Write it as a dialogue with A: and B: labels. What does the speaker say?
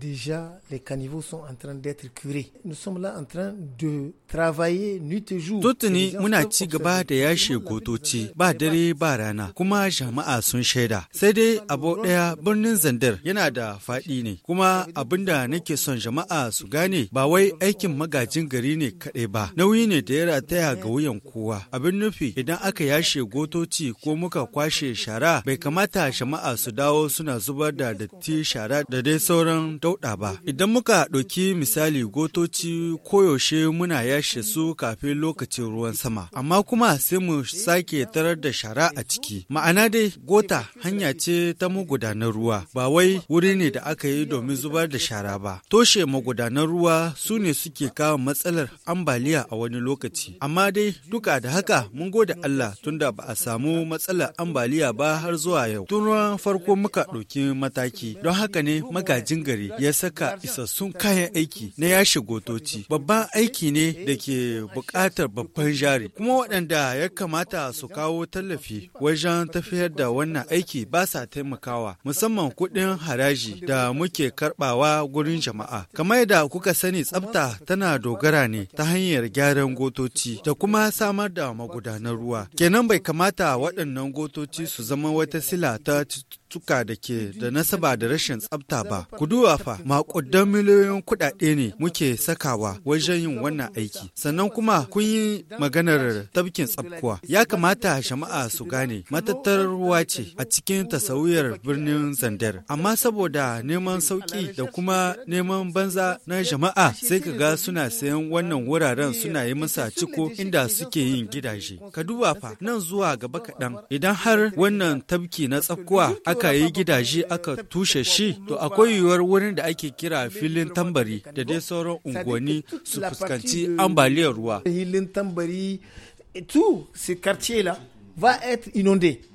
A: déjà les caniveaux sont en train d'être curés. Nous sommes là en train de travailler nuit et jour. ni muna ci gaba da yashe gotoci ba dare ba rana kuma jama'a sun shaida. Sai dai abu daya birnin Zandar yana da fadi ne kuma abinda nake son jama'a su gane ba wai aikin magajin gari ne kaɗai ba nauyi ne da ya rataya ga wuyan kowa. Abin nufi idan aka yashe gotoci ko muka kwashe shara bai kamata jama'a su dawo suna zubar da datti shara da dai sauran dauɗa ba. Idan muka ɗauki misali gotoci koyaushe muna yashe su kafin lokacin ruwan sama, amma kuma sai mu sake tarar da shara a ciki. Ma'ana dai gota hanya ce ta magudanar ruwa, ba wai wuri ne da aka yi domin zubar da shara ba. Toshe magudanar ruwa su ne suke kawo matsalar ambaliya a wani lokaci. Amma dai duka da haka mun gode Allah tunda ba a samu matsalar ambaliya ba har zuwa yau. Tun ruwan farko muka ɗauki mataki, don haka ne magajin gari ya saka isassun kayan aiki na yashe gotoci babban aiki ne da ke buƙatar babban jari kuma waɗanda ya kamata su kawo tallafi wajen tafiyar da wannan aiki ba sa taimakawa musamman kuɗin haraji da muke karɓawa gurin jama'a kamar da kuka sani tsafta tana dogara ne ta hanyar gyaran gotoci da kuma samar da magudanar ruwa kenan bai kamata waɗannan gotoci su zama wata sila ta cutuka da ke da nasaba da rashin tsafta ba ku duba tallafa makudan miliyoyin kuɗaɗe ne muke sakawa wajen yin wannan aiki sannan kuma kun yi maganar tafkin tsabkuwa ya kamata jama'a su gane matattar ce a cikin tasawiyar birnin zandar amma saboda neman sauki da kuma neman banza na jama'a sai ka ga suna sayan wannan wuraren suna yi masa ciko inda suke yin gidaje ka duba fa nan zuwa gaba kaɗan idan har wannan tafki na tsabkuwa aka yi gidaje aka tushe shi to akwai yiwuwar wurin da da ake kira filin tambari da dai sauran unguwanni su fuskanci ambaliyar ruwa. Filin tambari, tout ce quartier là va être inondé.